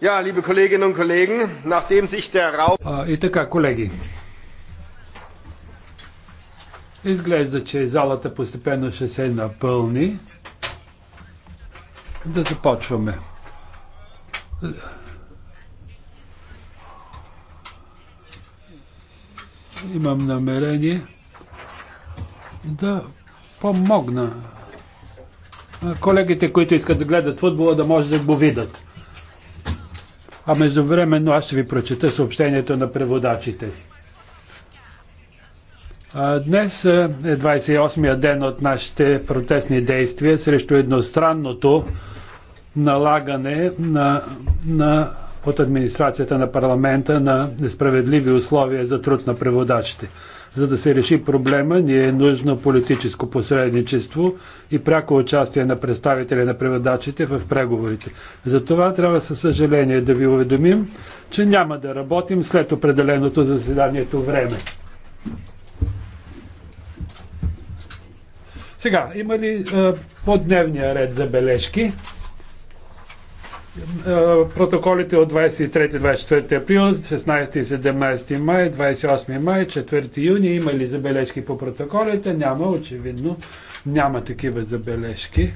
Ja, liebe Kolleginnen und Kollegen, nachdem sich der и така, колеги. Изглежда, че залата постепенно ще се напълни. Да започваме. Имам намерение да помогна колегите, които искат да гледат футбола, да може да го видят. А междувременно аз ще ви прочета съобщението на преводачите. Днес е 28-я ден от нашите протестни действия срещу едностранното налагане на, на, от администрацията на парламента на несправедливи условия за труд на преводачите. За да се реши проблема, ни е нужно политическо посредничество и пряко участие на представители на преводачите в преговорите. За това трябва със съжаление да ви уведомим, че няма да работим след определеното заседанието време. Сега, има ли е, по дневния ред забележки? Е, протоколите от 23-24 април, 16 и 17 май, 28 май, 4 юни. Има ли забележки по протоколите? Няма, очевидно. Няма такива забележки.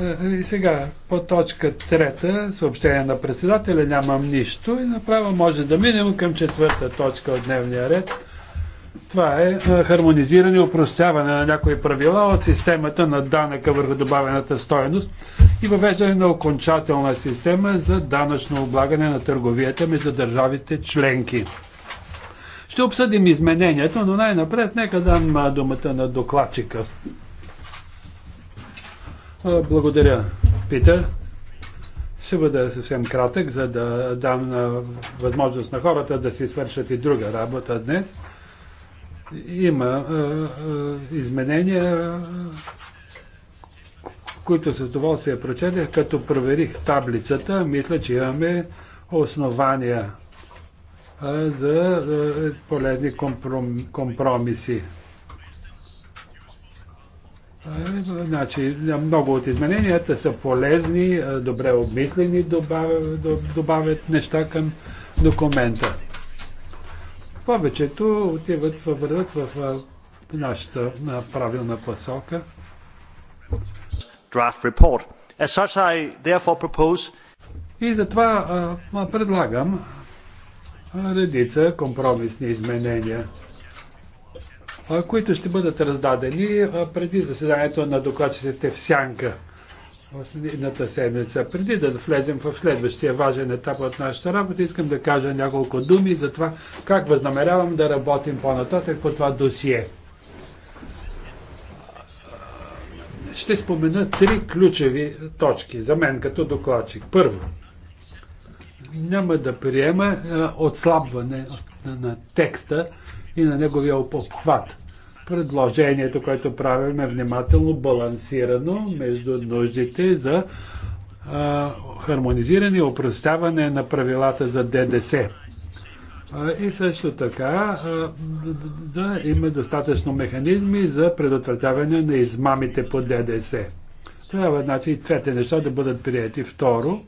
Е, и сега, по точка трета, съобщение на председателя, нямам нищо и направо може да минем към четвърта точка от дневния ред. Това е, е хармонизиране и упростяване на някои правила от системата на данъка върху добавената стоеност и въвеждане на окончателна система за данъчно облагане на търговията между държавите членки. Ще обсъдим изменението, но най-напред нека дам думата на докладчика. Благодаря, Питър. Ще бъда съвсем кратък, за да дам възможност на хората да си свършат и друга работа днес. Има изменения, които с удоволствие прочетах, като проверих таблицата, мисля, че имаме основания за полезни компромиси. Значи, много от измененията са полезни, добре обмислени, добавят, добавят неща към документа. Повечето отиват, във върват в нашата правилна посока. Draft report. As such, I therefore propose... И затова а, предлагам редица компромисни изменения, а, които ще бъдат раздадени а, преди заседанието на докладчиците в Сянка последната седмица. Преди да влезем в следващия важен етап от нашата работа, искам да кажа няколко думи за това как възнамерявам да работим по-нататък по това досие. Ще спомена три ключови точки за мен като докладчик. Първо, няма да приема отслабване на текста и на неговия обхват предложението, което правим е внимателно балансирано между нуждите за а, хармонизиране и опростяване на правилата за ДДС. А, и също така а, да има достатъчно механизми за предотвратяване на измамите по ДДС. Трябва, значи, и двете неща да бъдат прияти. Второ,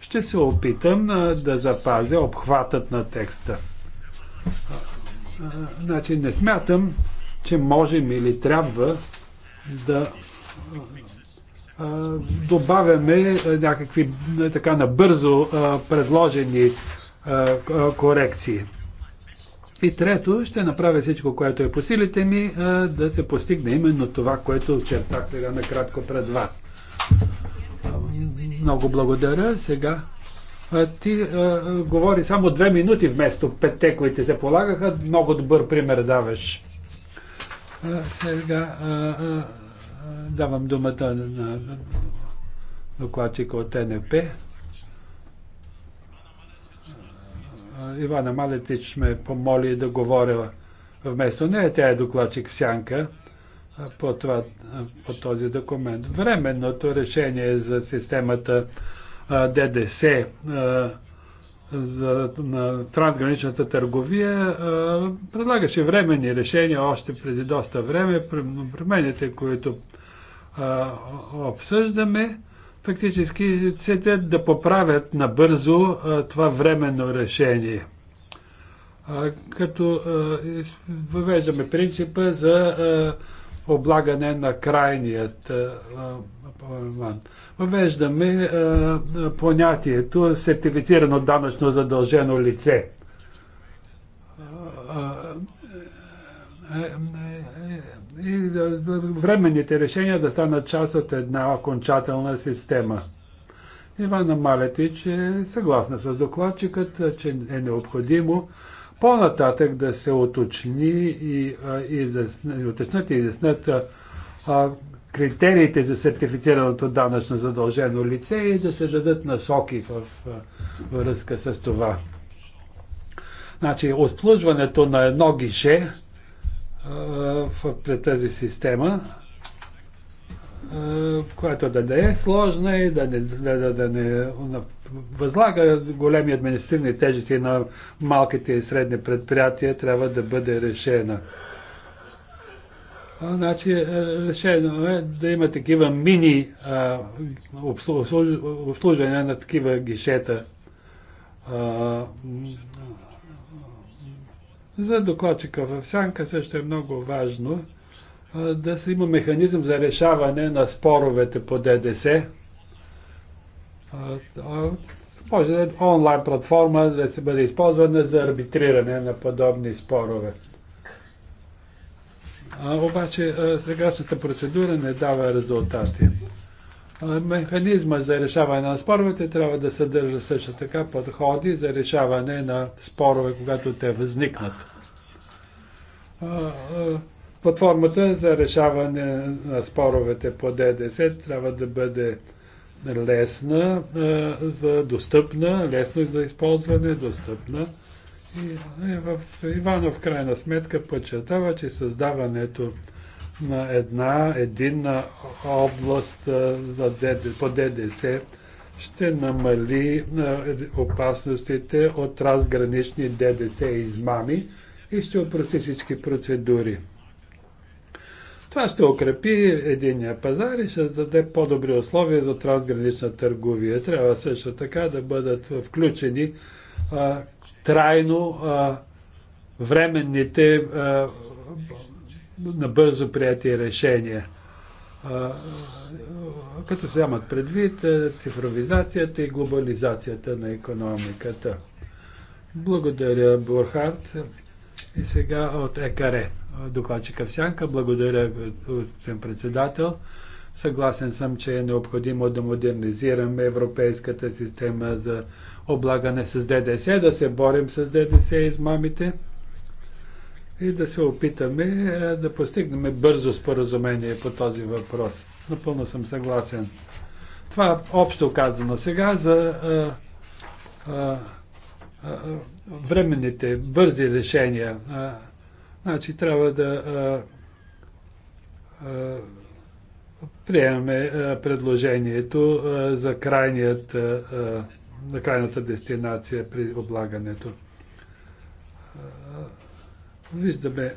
ще се опитам а, да запазя обхватът на текста. А, а, значи, не смятам, че можем или трябва да добавяме някакви така набързо предложени корекции. И трето, ще направя всичко, което е по силите ми, да се постигне именно това, което очертах сега накратко пред вас. Много благодаря. Сега ти а, говори само две минути вместо петте, които се полагаха. Много добър пример даваш. Сега давам думата на докладчика от НП. Ивана Малетич ме помоли да говоря вместо нея. Тя е докладчик в сянка по, това, по този документ. Временното решение за системата ДДС за, на трансграничната търговия предлагаше временни решения още преди доста време. Промените, които а, обсъждаме, фактически целят да поправят набързо а, това временно решение. А, като въвеждаме принципа за облагане на крайният план въвеждаме е, е, понятието сертифицирано данъчно задължено лице. И е, временните решения да станат част от една окончателна система. Ивана Малетич е съгласна с докладчикът, че е необходимо по-нататък да се уточни и, и, изяснат, и изяснат критериите за сертифицираното данъчно задължено лице и да се дадат насоки в връзка с това. Значи, отслужването на едно гише при тази система, която да не е сложна и да не, да, да, да не възлага големи административни тежести на малките и средни предприятия, трябва да бъде решена. Значи, е, решено е да има такива мини а, обслужване на такива гишета. А, за докладчика в Сянка също е много важно а, да се има механизъм за решаване на споровете по ДДС. Може да е онлайн платформа да се бъде използвана за арбитриране на подобни спорове. А, обаче сегашната процедура не дава резултати. Механизма за решаване на споровете трябва да съдържа също така подходи за решаване на спорове, когато те възникнат. Платформата за решаване на споровете по ДДС трябва да бъде лесна, за достъпна, лесно за използване, достъпна в Иванов крайна сметка подчертава, че създаването на една единна област за ДД, по ДДС ще намали опасностите от разгранични ДДС измами и ще опрости всички процедури. Това ще укрепи единия пазар и ще даде по-добри условия за трансгранична търговия. Трябва също така да бъдат включени трайно а, временните а, набързо прияти решения. А, като се вземат предвид цифровизацията и глобализацията на економиката. Благодаря, Бурхард. И сега от ЕКАРЕ. Докладчика в сянка. Благодаря, господин председател. Съгласен съм, че е необходимо да модернизираме европейската система за облагане с ДДС, да се борим с ДДС и измамите и да се опитаме е, да постигнем бързо споразумение по този въпрос. Напълно съм съгласен. Това общо казано сега за а, а, а, временните, бързи решения. А, е, значи трябва да а, е, а, приемаме е, предложението е, за, крайният, на е, крайната дестинация при облагането. Виждаме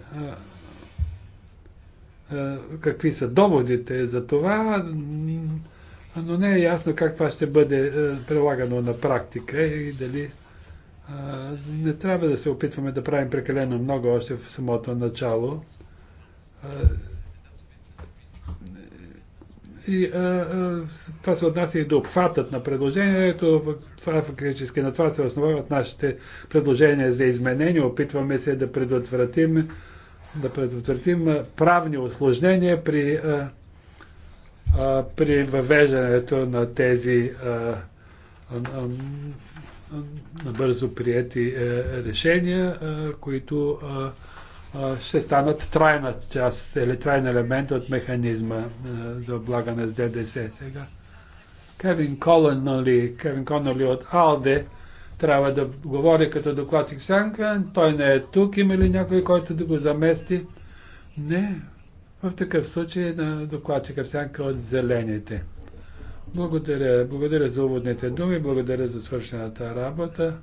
какви са доводите за това, но не е ясно как това ще бъде прилагано на практика и дали не трябва да се опитваме да правим прекалено много още в самото начало и а, а, това се отнася и до обхватът на предложението. Това фактически на това се основават нашите предложения за изменения. Опитваме се да предотвратим, да предотвратим правни осложнения при, а, а, при въвеждането на тези а, а, а, набързо приети а, е, решения, а, които а, ще станат трайна част или трайен елемент от механизма за облагане с ДДС сега. Кевин Коннолли, Кевин Коннолли от АЛДЕ трябва да говори като докладчик Сянка. Той не е тук. Има ли някой, който да го замести? Не. В такъв случай е на докладчика Сянка от Зелените. Благодаря. Благодаря за уводните думи. Благодаря за свършената работа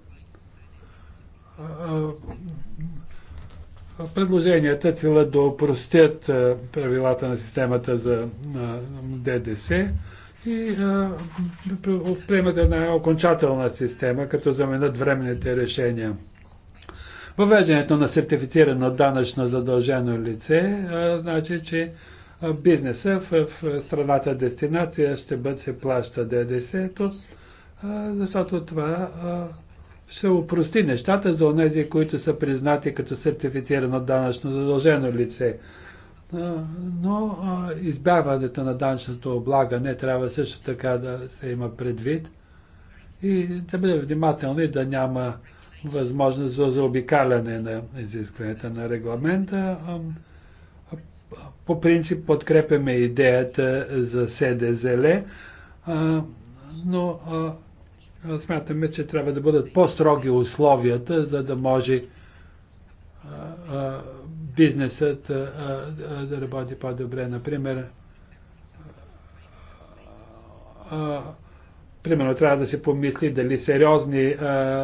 Предложенията целят да опростят правилата на системата за ДДС и приемат една окончателна система, като заменят временните решения. Въвеждането на сертифицирано данъчно задължено лице значи, че бизнеса в, страната дестинация ще бъде се плаща ДДС-то, защото това а, ще упрости нещата за онези, които са признати като сертифицирано данъчно задължено лице. Но избягването на данъчното облага не трябва също така да се има предвид и да бъде внимателни да няма възможност за заобикаляне на изискването на регламента. По принцип подкрепяме идеята за СДЗЛ, но смятаме, че трябва да бъдат по-строги условията, за да може бизнесът да работи по-добре. Например, примерно трябва да се помисли дали сериозни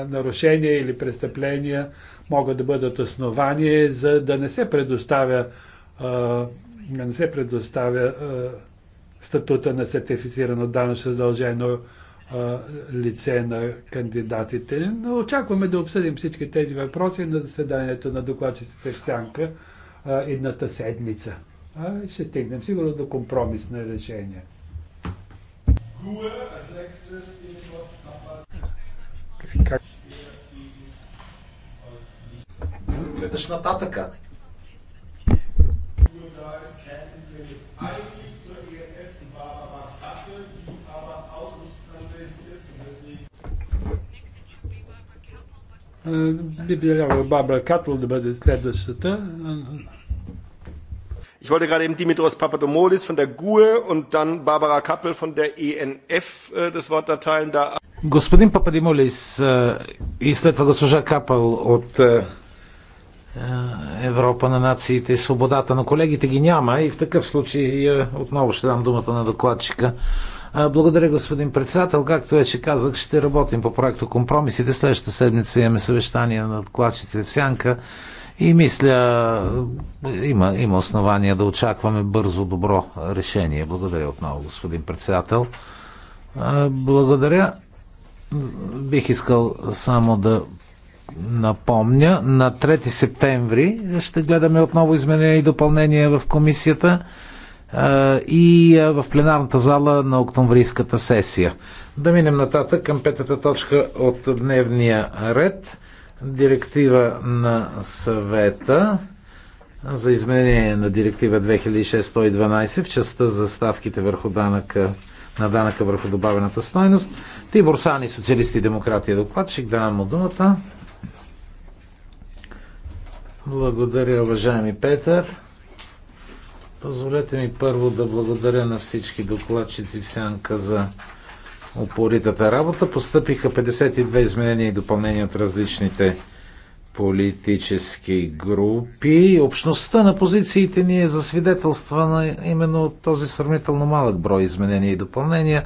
нарушения или престъпления могат да бъдат основание за да не се предоставя, не се предоставя статута на сертифицирано данно задължено лице на кандидатите. Но очакваме да обсъдим всички тези въпроси на заседанието на докладчиците в Сянка едната седмица. А ще стигнем сигурно до компромисно решение. Как? нататъка. Би трябвало Бабра Катл да бъде следващата. Ich wollte gerade eben Dimitros Papadomoulis von der GUE und dann Barbara Kappel von der ENF äh, das Wort erteilen. Da Господин Пападимолис э, и след това госпожа Капал от э, э, Европа на нациите и свободата на колегите ги няма и в такъв случай отново ще дам думата на докладчика. Благодаря, господин председател. Както вече казах, ще работим по проекто компромисите. Следващата седмица имаме съвещание на докладчиците в Сянка и мисля, има, има основания да очакваме бързо добро решение. Благодаря отново, господин председател. Благодаря. Бих искал само да напомня, на 3 септември ще гледаме отново изменения и допълнения в комисията и в пленарната зала на октомврийската сесия. Да минем нататък към петата точка от дневния ред. Директива на съвета за изменение на директива 2612 в частта за ставките върху данъка на данъка върху добавената стойност. Тибор Сани, социалисти и демократи е докладчик. Давам му думата. Благодаря, уважаеми Петър. Позволете ми първо да благодаря на всички докладчици в сянка за упоритата работа. Постъпиха 52 изменения и допълнения от различните политически групи. Общността на позициите ни е засвидетелствана именно от този сравнително малък брой изменения и допълнения,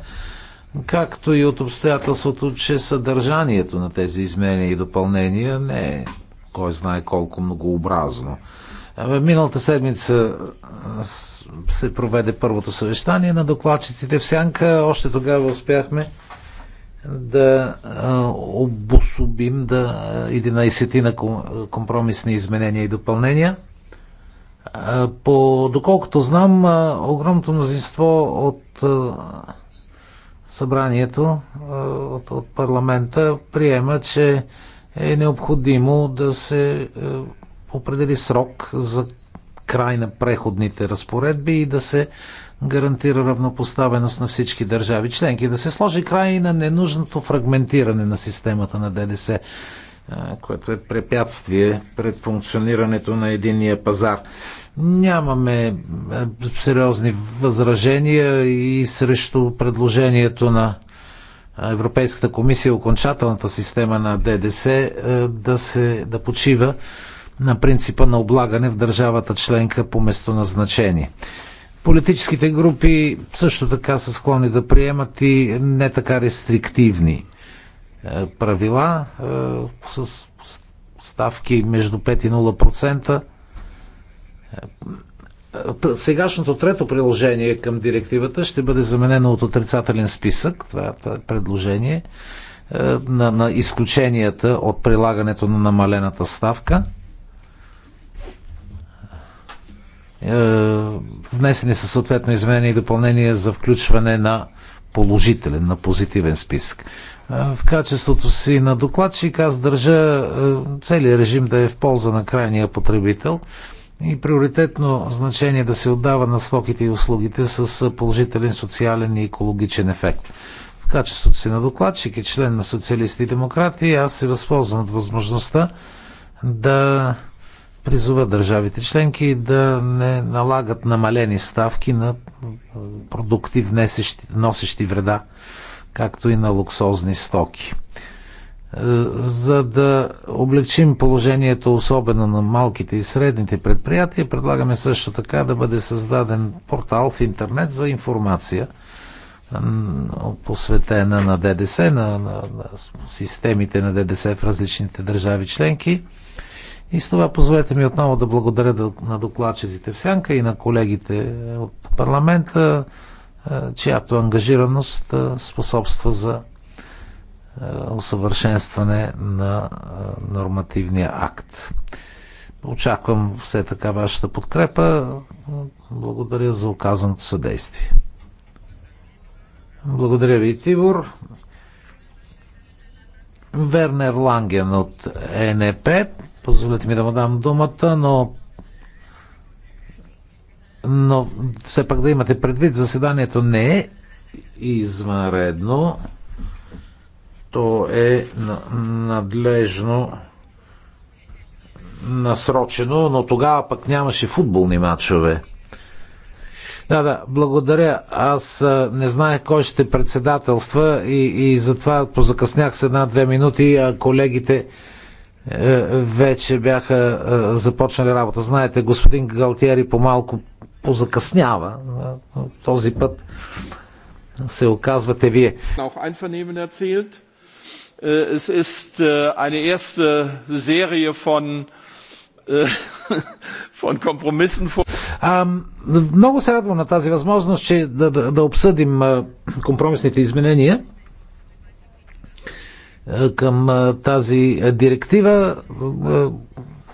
както и от обстоятелството, че съдържанието на тези изменения и допълнения не е кой знае колко многообразно. Миналата седмица се проведе първото съвещание на докладчиците в Сянка. Още тогава успяхме да обособим да 11 на компромисни изменения и допълнения. По, доколкото знам, огромното мнозинство от събранието, от, от парламента, приема, че е необходимо да се определи срок за край на преходните разпоредби и да се гарантира равнопоставеност на всички държави членки, да се сложи край на ненужното фрагментиране на системата на ДДС, което е препятствие пред функционирането на единия пазар. Нямаме сериозни възражения и срещу предложението на Европейската комисия окончателната система на ДДС да се да почива на принципа на облагане в държавата членка по местоназначение. Политическите групи също така са склонни да приемат и не така рестриктивни е, правила е, с ставки между 5 и 0%. Е, сегашното трето приложение към директивата ще бъде заменено от отрицателен списък, това е предложение, на, на изключенията от прилагането на намалената ставка – Е, внесени са съответно изменения и допълнения за включване на положителен, на позитивен списък. Е, в качеството си на докладчик аз държа е, целият режим да е в полза на крайния потребител и приоритетно значение да се отдава на стоките и услугите с положителен социален и екологичен ефект. В качеството си на докладчик и член на социалисти и демократи аз се възползвам от възможността да призова държавите членки да не налагат намалени ставки на продукти, внесещи, носещи вреда, както и на луксозни стоки. Е, за да облегчим положението, особено на малките и средните предприятия, предлагаме също така да бъде създаден портал в интернет за информация, посветена на ДДС, на, на, на системите на ДДС в различните държави членки – и с това позволете ми отново да благодаря на докладчиците в Сянка и на колегите е, от парламента, е, чиято ангажираност е, способства за усъвършенстване на нормативния акт. Очаквам все така вашата подкрепа. Благодаря за оказаното съдействие. Благодаря ви, Тибор. Вернер Ланген от ЕНП позволете ми да му дам думата, но но все пак да имате предвид, заседанието не е извънредно. То е надлежно насрочено, но тогава пък нямаше футболни матчове. Да, да, благодаря. Аз а, не знаех кой ще председателства и, и затова позакъснях с една-две минути, а колегите е, вече бяха е, започнали работа. Знаете, господин Галтиери по-малко позакъснява. Е, този път се оказвате вие. Es ist eine erste Serie von, äh, von Kompromissen. А, много се радвам на тази възможност, че да, да, да обсъдим компромисните изменения. Е, към е, тази директива е,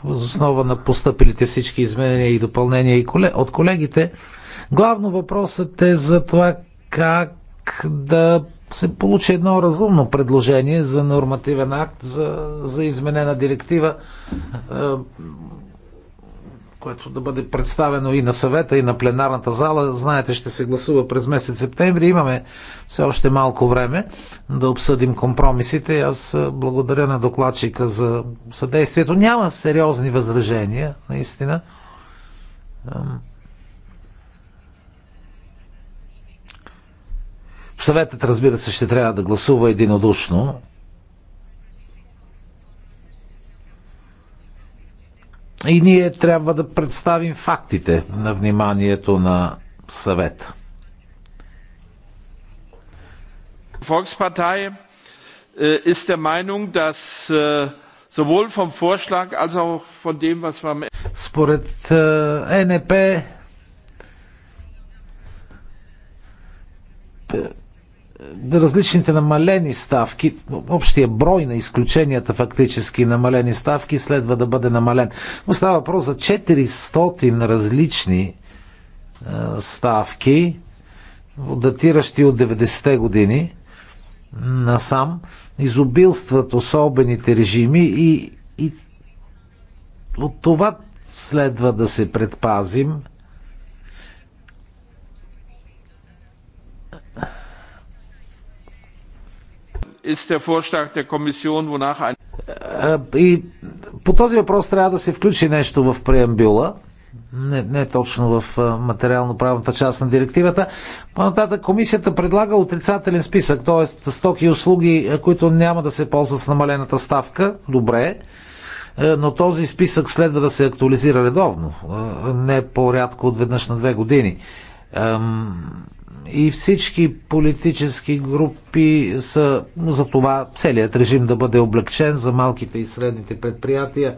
въз основа на постъпилите всички изменения и допълнения от колегите. Главно въпросът е за това как да се получи едно разумно предложение за нормативен акт за, за изменена директива което да бъде представено и на съвета, и на пленарната зала. Знаете, ще се гласува през месец септември. Имаме все още малко време да обсъдим компромисите. Аз благодаря на докладчика за съдействието. Няма сериозни възражения, наистина. Съветът, разбира се, ще трябва да гласува единодушно И ние трябва да представим фактите на вниманието на съвета. Volkspartei ist der Meinung, dass sowohl vom Vorschlag als auch von dem, was wir am Според НП различните намалени ставки, общия брой на изключенията фактически намалени ставки следва да бъде намален. Но става въпрос за 400 различни ставки, датиращи от 90-те години насам, изобилстват особените режими и, и от това следва да се предпазим – ist der Vorschlag der Kommission, wonach ein... Е, е, и по този въпрос трябва да се включи нещо в преамбюла, не, не точно в е, материално-правната част на директивата. По-нататък комисията предлага отрицателен списък, т.е. стоки и услуги, които няма да се ползват с намалената ставка. Добре но този списък следва да се актуализира редовно, не по-рядко от веднъж на две години и всички политически групи са за това целият режим да бъде облегчен за малките и средните предприятия,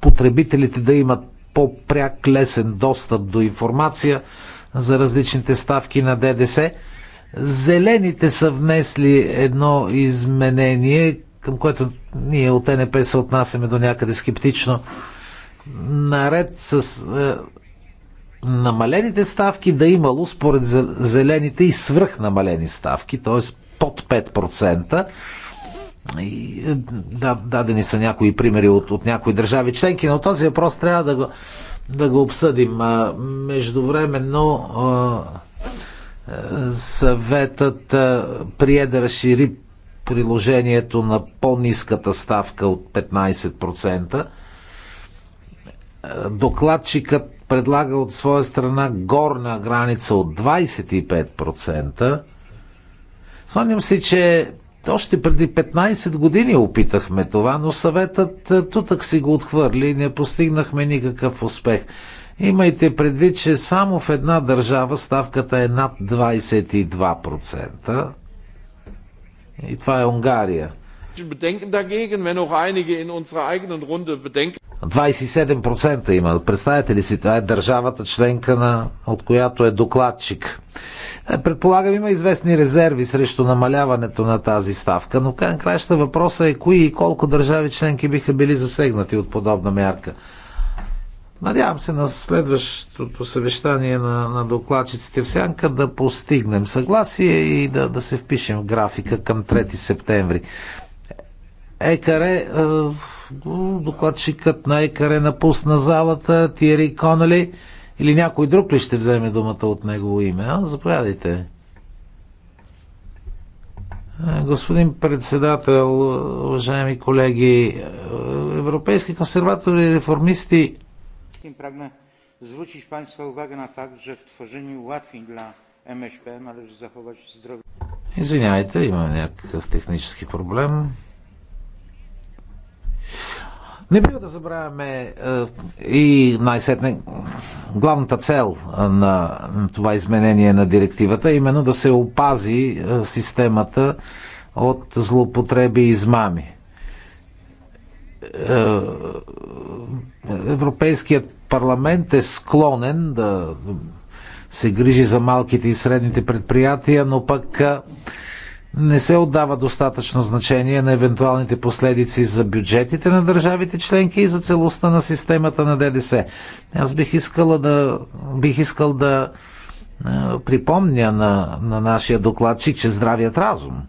потребителите да имат по-пряк, лесен достъп до информация за различните ставки на ДДС. Зелените са внесли едно изменение, към което ние от НП се отнасяме до някъде скептично. Наред с е, намалените ставки да е имало според зелените и свръхнамалени ставки, т.е. под 5%. И, е, да, дадени са някои примери от, от някои държави членки, но този въпрос трябва да го, да го обсъдим. А, междувременно а, съветът а, прие да разшири приложението на по-низката ставка от 15%. Докладчикът предлага от своя страна горна граница от 25%. Спомням си, че още преди 15 години опитахме това, но съветът е, тутък си го отхвърли и не постигнахме никакъв успех. Имайте предвид, че само в една държава ставката е над 22%. И това е Унгария erheblichen Bedenken dagegen, wenn auch einige in unserer eigenen Runde Bedenken. 27% има. Представете ли си, това е държавата членка, на, от която е докладчик. Е, предполагам, има известни резерви срещу намаляването на тази ставка, но край краща въпроса е кои и колко държави членки биха били засегнати от подобна мярка. Надявам се на следващото съвещание на, на докладчиците в Сянка да постигнем съгласие и да, да се впишем в графика към 3 септември. Екаре, е, докладчикът на Екаре напусна залата, Тиери Конали или някой друг ли ще вземе думата от негово име? А? Заповядайте. Е, господин председател, уважаеми колеги, е, европейски консерватори и реформисти. Извинявайте, имаме някакъв технически проблем. Не бива да забравяме е, и най-сетне главната цел е, на това изменение на директивата, е именно да се опази системата от злоупотреби и измами. Европейският парламент е склонен да се грижи за малките и средните предприятия, но пък не се отдава достатъчно значение на евентуалните последици за бюджетите на държавите членки и за целостта на системата на ДДС. Аз бих, искала да, бих искал да припомня на, на нашия докладчик, че здравият разум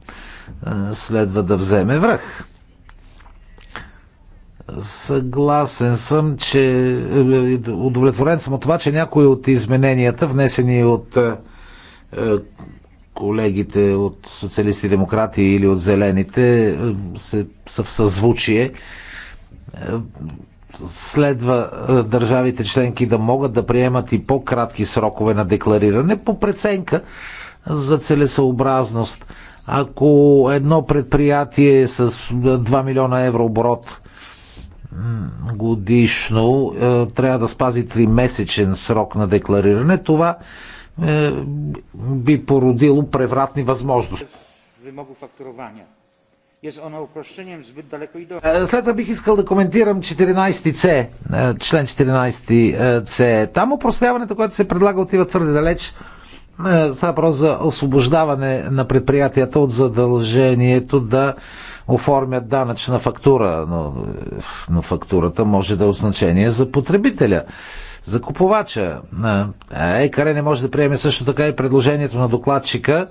следва да вземе връх. Съгласен съм, че е, удовлетворен съм от това, че някои от измененията, внесени от колегите от социалисти и демократи или от зелените е, се, са в съзвучие. Е, следва е, държавите членки да могат да приемат и по-кратки срокове на деклариране по преценка за целесъобразност. Ако едно предприятие с 2 милиона евро оборот годишно трябва да спази 3-месечен срок на деклариране, това е, би породило превратни възможности. Е, след това бих искал да коментирам 14C, е, член 14C. Там упростяването, което се предлага, отива твърде далеч. Става въпрос за освобождаване на предприятията от задължението да оформят данъчна фактура, но, но фактурата може да е значение за потребителя за купувача. ЕКР не може да приеме също така и предложението на докладчика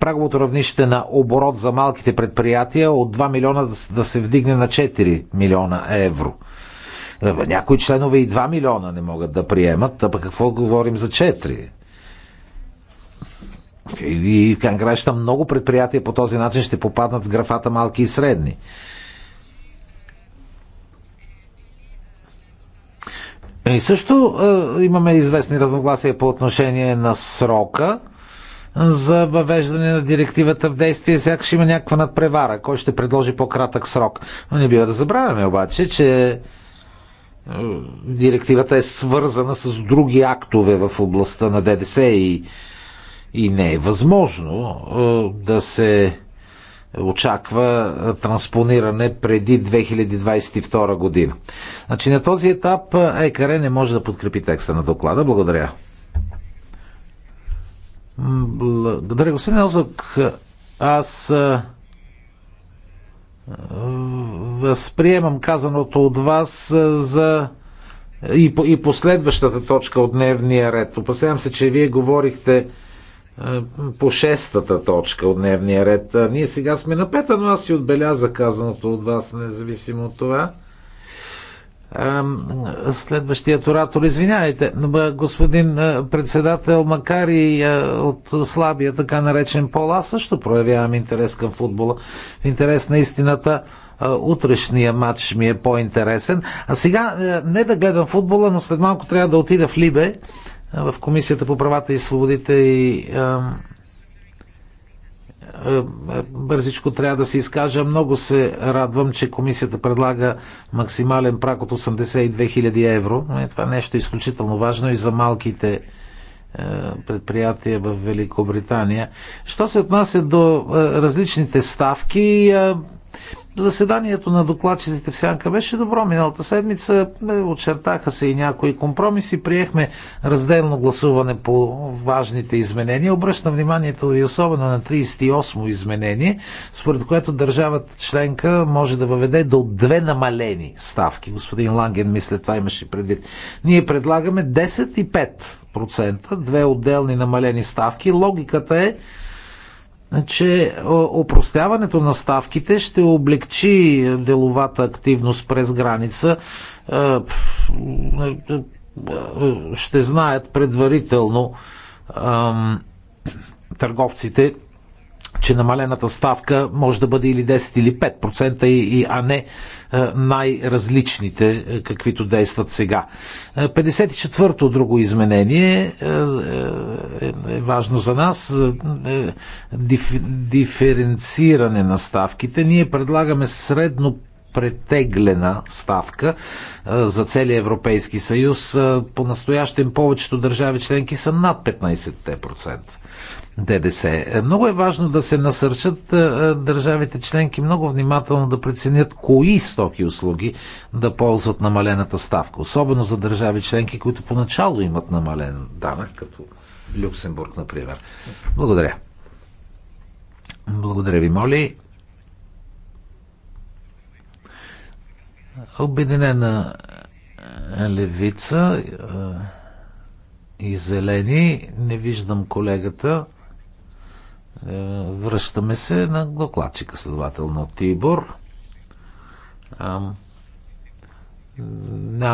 праговото равнище на оборот за малките предприятия от 2 милиона да се вдигне на 4 милиона евро. Е, някои членове и 2 милиона не могат да приемат, а пък какво говорим за 4? И в крайна много предприятия по този начин ще попаднат в графата малки и средни. И също е, имаме известни разногласия по отношение на срока за въвеждане на директивата в действие. Сякаш има някаква надпревара, кой ще предложи по-кратък срок. Но не бива да забравяме обаче, че е, директивата е свързана с други актове в областта на ДДС и, и не е възможно е, да се очаква транспониране преди 2022 година. Значи на този етап ЕКР не може да подкрепи текста на доклада. Благодаря. Благодаря, господин Елзък. Аз възприемам казаното от вас за и, и последващата точка от дневния ред. Опасявам се, че вие говорихте по шестата точка от дневния ред. Ние сега сме на пета, но аз си отбеляза казаното от вас, независимо от това. Следващият оратор, извинявайте, господин председател, макар и от слабия така наречен пол, аз също проявявам интерес към футбола. В интерес на истината, утрешния матч ми е по-интересен. А сега не да гледам футбола, но след малко трябва да отида в Либе в Комисията по правата и свободите и бързичко трябва да се изкажа. Много се радвам, че комисията предлага максимален прак от 82 000 евро. Е, това нещо е изключително важно и за малките предприятия в Великобритания. Що се отнася до различните ставки, Заседанието на докладчиците в Сянка беше добро миналата седмица. Е, очертаха се и някои компромиси. Приехме разделно гласуване по важните изменения. Обръщам вниманието ви особено на 38-о изменение, според което държавата членка може да въведе до две намалени ставки. Господин Ланген, мисля, това имаше предвид. Ние предлагаме 10 и 5%, две отделни намалени ставки. Логиката е, че опростяването на ставките ще облегчи деловата активност през граница. Е, е, е, ще знаят предварително търговците че намалената ставка може да бъде или 10 или 5%, и, а не е, най-различните, е, каквито действат сега. 54-то е, друго изменение е важно за нас. Диф, диференциране на ставките. Ние предлагаме средно претеглена ставка за целия Европейски съюз. По-настоящем повечето държави членки са над 15%. ДДС. Е, много е важно да се насърчат държавите членки много внимателно да преценят кои стоки и услуги да ползват намалената ставка. Особено за държави членки, които поначало имат намален данък, като Люксембург, например. Благодаря. Благодаря ви, Моли. Обединена е, левица е, и зелени. Не виждам колегата. Е, връщаме се на докладчика, следователно Тибор. А,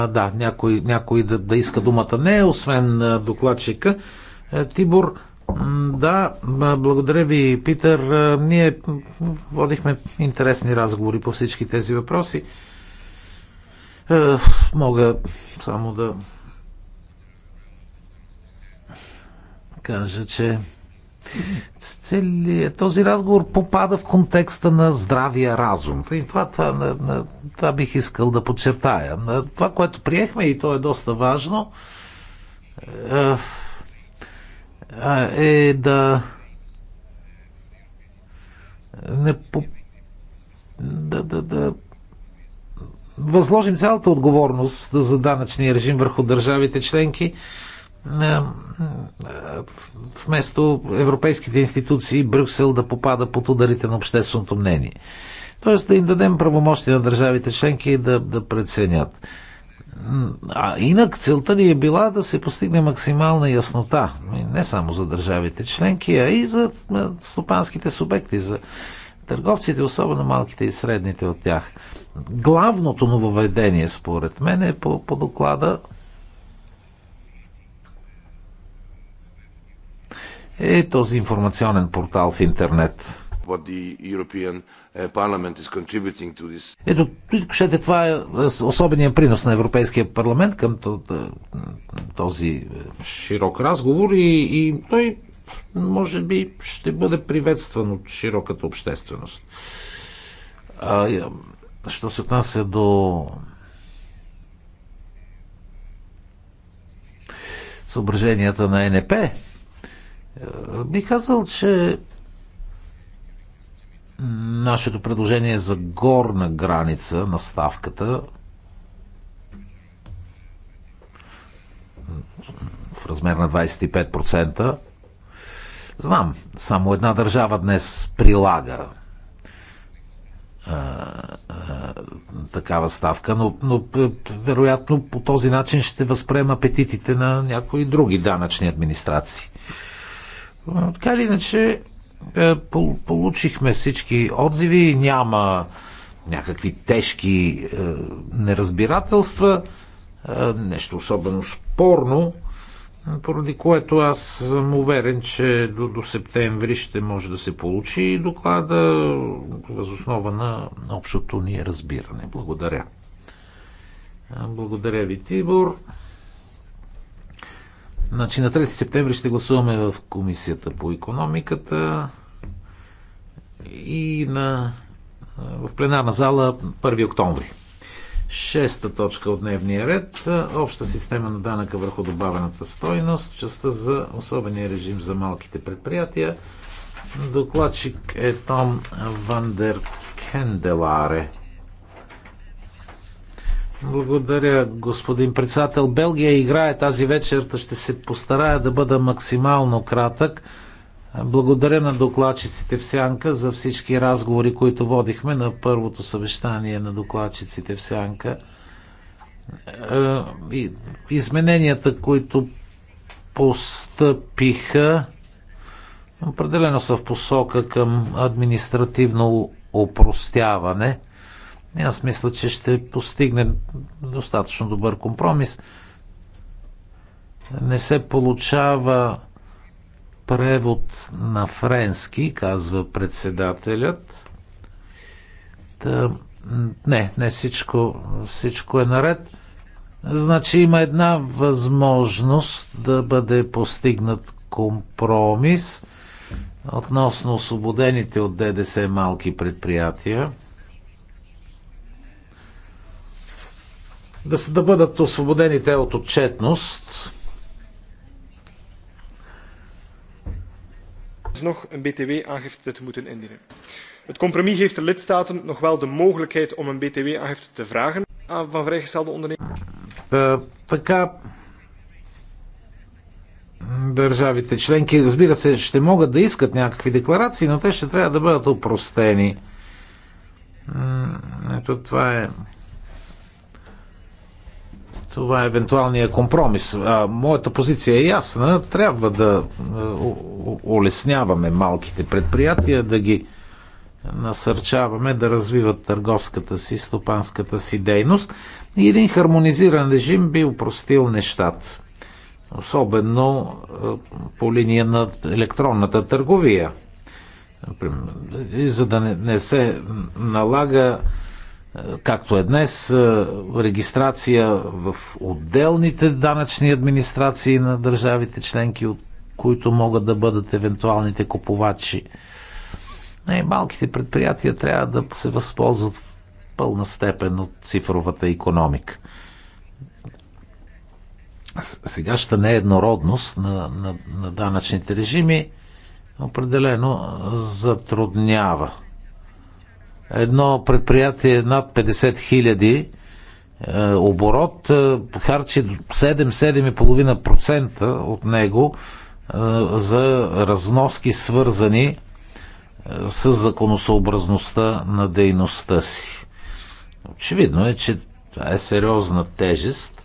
да, някой, някой да, да иска думата не, освен докладчика. Тибор, да, благодаря ви, Питър. Ние водихме интересни разговори по всички тези въпроси. Е, мога само да кажа, че целият този разговор попада в контекста на здравия разум. И това, това, на, на, това бих искал да подчертая. На това, което приехме, и то е доста важно, е, е да не по, да, да, да възложим цялата отговорност за данъчния режим върху държавите членки, е, е, вместо европейските институции Брюксел да попада под ударите на общественото мнение. Тоест да им дадем правомощи на държавите членки да, да преценят. А инак целта ни е била да се постигне максимална яснота, не само за държавите членки, а и за е, стопанските субекти, за търговците, особено малките и средните от тях. Главното нововведение, според мен, е по, по доклада е този информационен портал в интернет. Uh, Ето, щете, това е, е особения принос на Европейския парламент към е, този е, широк разговор и, и той може би ще бъде приветстван от широката общественост. А, що се отнася до съображенията на НП, е, би казал, че нашето предложение за горна граница на ставката в размер на 25% Знам, само една държава днес прилага такава ставка, но, но вероятно по този начин ще възпрема апетитите на някои други данъчни администрации. Но, така или иначе, е, получихме всички отзиви, няма някакви тежки е, неразбирателства, е, нещо особено спорно поради което аз съм уверен, че до, до септември ще може да се получи доклада възоснова на общото ни разбиране. Благодаря. Благодаря ви, Тибор. Значи на 3 септември ще гласуваме в Комисията по економиката и на, в пленарна зала 1 октомври. Шеста точка от дневния ред. Обща система на данъка върху добавената стойност в частта за особения режим за малките предприятия. Докладчик е Том Вандер Кенделаре. Благодаря, господин председател. Белгия играе тази вечер. Ще се постарая да бъда максимално кратък. Благодаря на докладчиците в Сянка за всички разговори, които водихме на първото съвещание на докладчиците в Сянка. Е, измененията, които постъпиха, определено са в посока към административно опростяване. Аз мисля, че ще постигне достатъчно добър компромис. Не се получава превод на френски, казва председателят. Та, не, не всичко, всичко е наред. Значи има една възможност да бъде постигнат компромис относно освободените от ДДС малки предприятия. Да, да бъдат освободените от отчетност, alsnog een btw-aangifte te moeten indienen. Het compromis geeft de lidstaten nog wel de mogelijkheid om een btw-aangifte te vragen aan van vrijgestelde ondernemers. така, държавите членки, разбира се, ще могат да искат някакви декларации, но те ще трябва да бъдат Ето това е това е евентуалния компромис. А, моята позиция е ясна. Трябва да улесняваме малките предприятия, да ги насърчаваме да развиват търговската си, стопанската си дейност. И един хармонизиран режим би упростил нещата. Особено по линия на електронната търговия. За да не се налага както е днес, регистрация в отделните данъчни администрации на държавите членки, от които могат да бъдат евентуалните купувачи. малките предприятия трябва да се възползват в пълна степен от цифровата економика. е еднородност на, на, на данъчните режими определено затруднява Едно предприятие е над 50 хиляди е, оборот е, харчи 7-7,5% от него за разноски свързани с законосъобразността на дейността си. Очевидно е, че това е сериозна тежест.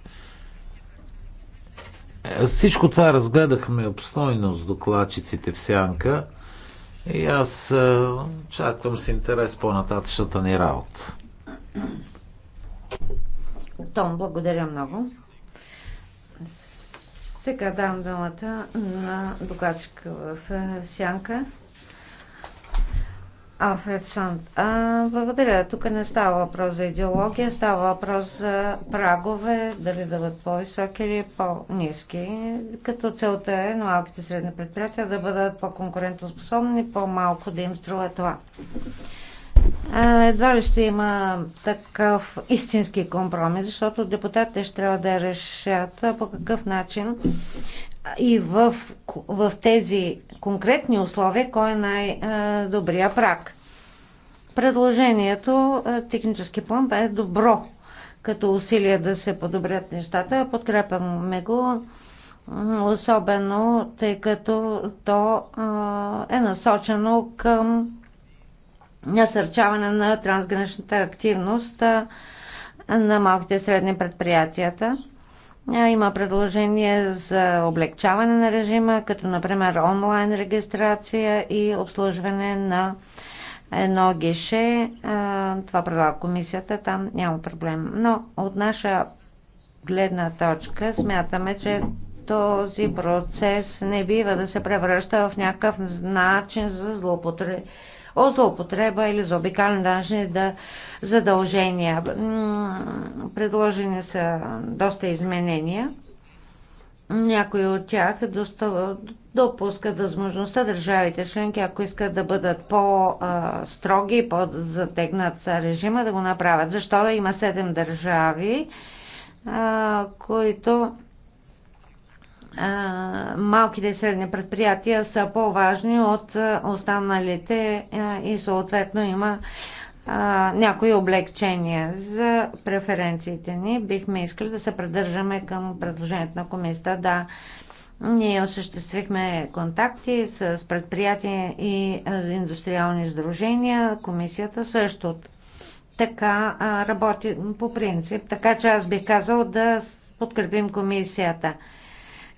Всичко това разгледахме обстойно с докладчиците в Сянка – и аз е, чакам с интерес по-нататъчната ни работа. Том, благодаря много. Сега давам думата на докачка в е, Сянка. Алфред Санд. А, благодаря. Тук не става въпрос за идеология, става въпрос за прагове, дали да бъдат по-високи или по-низки. Като целта е малките и средни предприятия да бъдат по-конкурентоспособни, по-малко да им струва това. А, едва ли ще има такъв истински компромис, защото депутатите ще трябва да решат по какъв начин и в, в тези конкретни условия кой е най-добрия прак. Предложението, е, технически план, бе добро като усилие да се подобрят нещата. Подкрепяме го особено, тъй като то е насочено към насърчаване на трансграничната активност на малките и средни предприятията има предложение за облегчаване на режима, като например онлайн регистрация и обслужване на едно геше. Това предлага комисията, там няма проблем. Но от наша гледна точка смятаме, че този процес не бива да се превръща в някакъв начин за злоупотреба от злоупотреба или обикален данъчни да задължения. Предложени са доста изменения. Някои от тях допускат възможността държавите членки, ако искат да бъдат по-строги и по-затегнат режима, да го направят. Защо има седем държави, които малките и средни предприятия са по-важни от останалите и съответно има някои облегчения за преференциите ни. Бихме искали да се придържаме към предложението на комисията. Да, ние осъществихме контакти с предприятия и индустриални сдружения. Комисията също така работи по принцип. Така че аз бих казал да подкрепим комисията.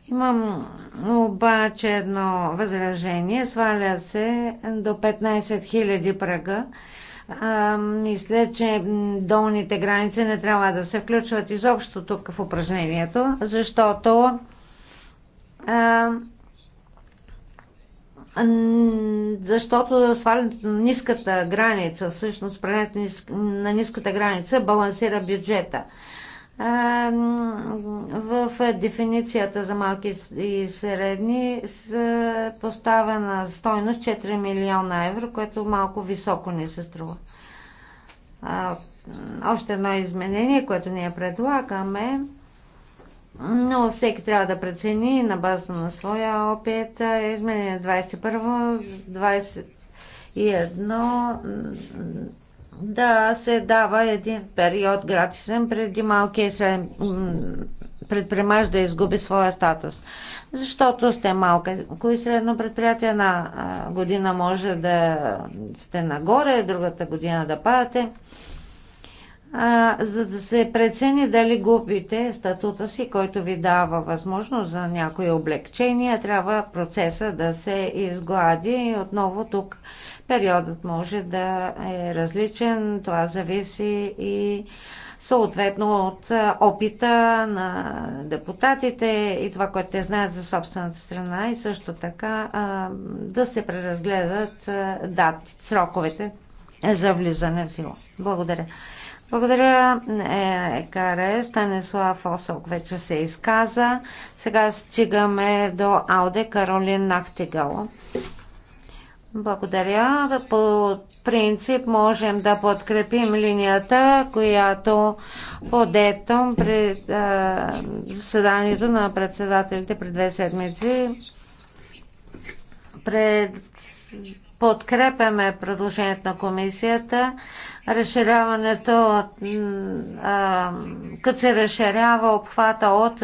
Имам обаче едно възражение. Сваля се до 15 000 прага. А, мисля, че долните граници не трябва да се включват изобщо тук в упражнението, защото а, защото свалянето на ниската граница, всъщност на ниската граница балансира бюджета в дефиницията за малки и средни са поставена стойност 4 милиона евро, което малко високо ни се струва. Още едно изменение, което ние предлагаме, но всеки трябва да прецени на базата на своя опит. Е изменение 21, 21 да се дава един период гратисен преди малкия и среден предприемач да изгуби своя статус. Защото сте малка. Кои средно предприятие една година може да сте нагоре, другата година да падате. А, за да се прецени дали губите статута си, който ви дава възможност за някои облегчения, трябва процеса да се изглади. И отново тук Периодът може да е различен, това зависи и съответно от опита на депутатите и това, което те знаят за собствената страна и също така да се преразгледат дати, сроковете за влизане в сила. Благодаря. Благодаря, Екаре. Е е. Станислав Осок вече се изказа. Сега стигаме до Ауде Каролин Нахтигал. Благодаря. По принцип можем да подкрепим линията, която подето при заседанието на председателите пред две седмици пред, подкрепяме предложението на комисията разширяването, като се разширява обхвата от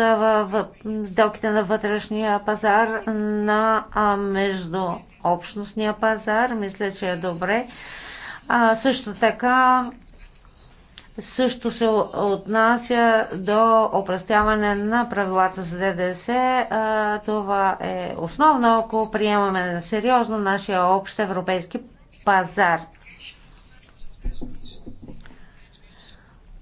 сделките на вътрешния пазар на междуобщностния пазар. Мисля, че е добре. А, също така също се отнася до опростяване на правилата за ДДС. А, това е основно, ако приемаме сериозно нашия общ европейски пазар.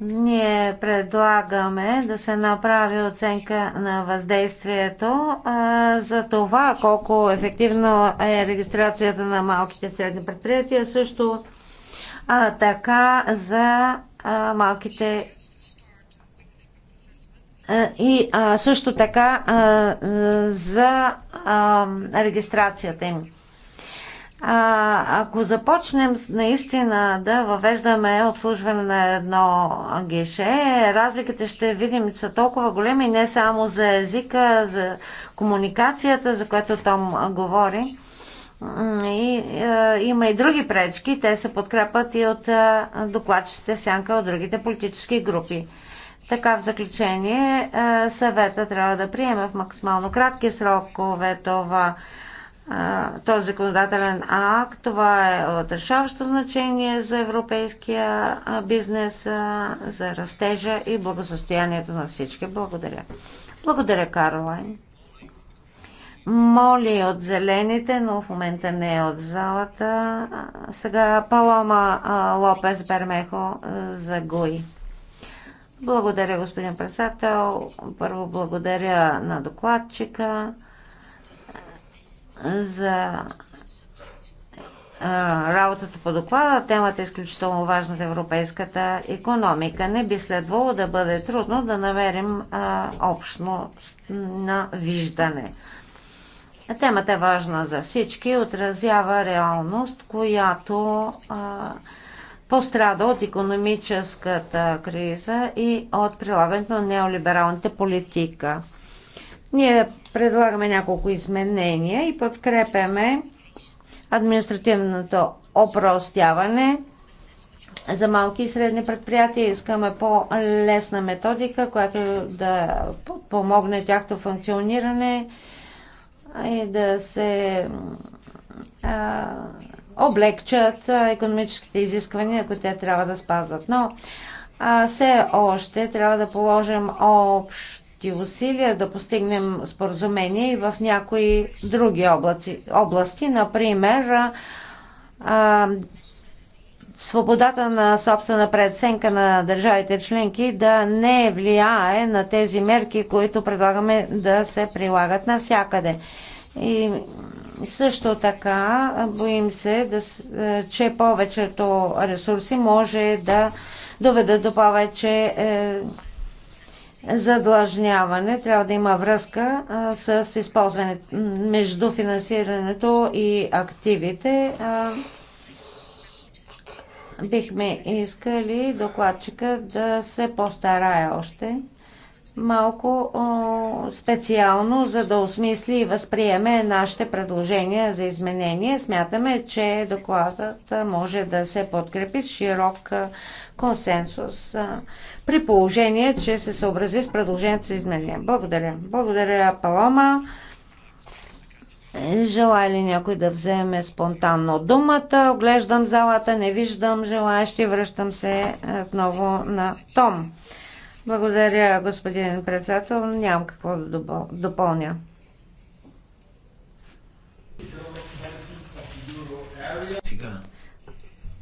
Ние предлагаме да се направи оценка на въздействието а, за това колко ефективно е регистрацията на малките и средни предприятия, също а, така за а, малките и а, също така а, за а, регистрацията им. А, ако започнем наистина да въвеждаме обслужване на едно геше, разликите ще видим, че са толкова големи не само за езика, за комуникацията, за което Том говори. И, е, има и други пречки, те се подкрепят и от е, докладчите сянка от другите политически групи. Така в заключение е, съвета трябва да приеме в максимално кратки срокове това този законодателен акт. Това е от решаващо значение за европейския бизнес, за растежа и благосостоянието на всички. Благодаря. Благодаря, Каролайн. Моли от зелените, но в момента не е от залата. Сега Палома Лопес Бермехо за ГУИ. Благодаря, господин председател. Първо благодаря на докладчика за работата по доклада. Темата е изключително важна за европейската економика. Не би следвало да бъде трудно да намерим общно на виждане. Темата е важна за всички, отразява реалност, която а, пострада от економическата криза и от прилагането на неолибералните политика. Ние предлагаме няколко изменения и подкрепяме административното опростяване за малки и средни предприятия. Искаме по-лесна методика, която да помогне тяхто функциониране и да се а, облегчат економическите изисквания, които те трябва да спазват. Но а, все още трябва да положим общ общи усилия да постигнем споразумение и в някои други области, области например а, свободата на собствена преценка на държавите членки да не влияе на тези мерки, които предлагаме да се прилагат навсякъде. И също така боим се, да, че повечето ресурси може да доведат до повече е, задлъжняване трябва да има връзка а, с използването между финансирането и активите. А, бихме искали докладчика да се постарае още малко о, специално, за да осмисли и възприеме нашите предложения за изменение. Смятаме, че докладът може да се подкрепи с широк консенсус, при положение, че се съобрази с предложението за изменение. Благодаря. Благодаря, Палома. Желая ли някой да вземе спонтанно думата? Оглеждам залата, не виждам желаящи, връщам се отново на Том. Благодаря, господин председател. Нямам какво да допълня.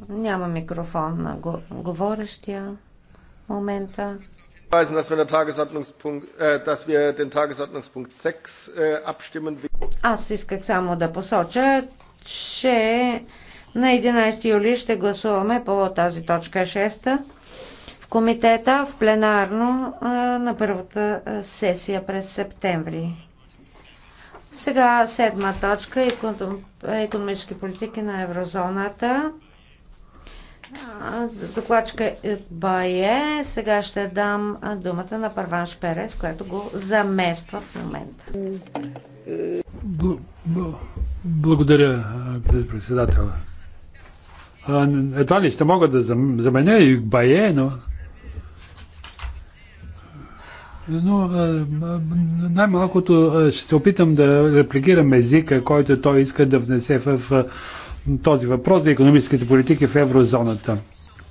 Няма микрофон на говорещия момента. Äh, äh, Аз исках само да посоча, че на 11 юли ще гласуваме по тази точка 6 в комитета, в пленарно на първата сесия през септември. Сега седма точка економически политики на еврозоната. Докладчика е Бае. Сега ще дам думата на Парванш Перес, която го замества в момента. Благодаря, председател. Едва ли ще мога да заменя и Бае, но... Но най-малкото ще се опитам да репликирам езика, който той иска да внесе в този въпрос за економическите политики в еврозоната.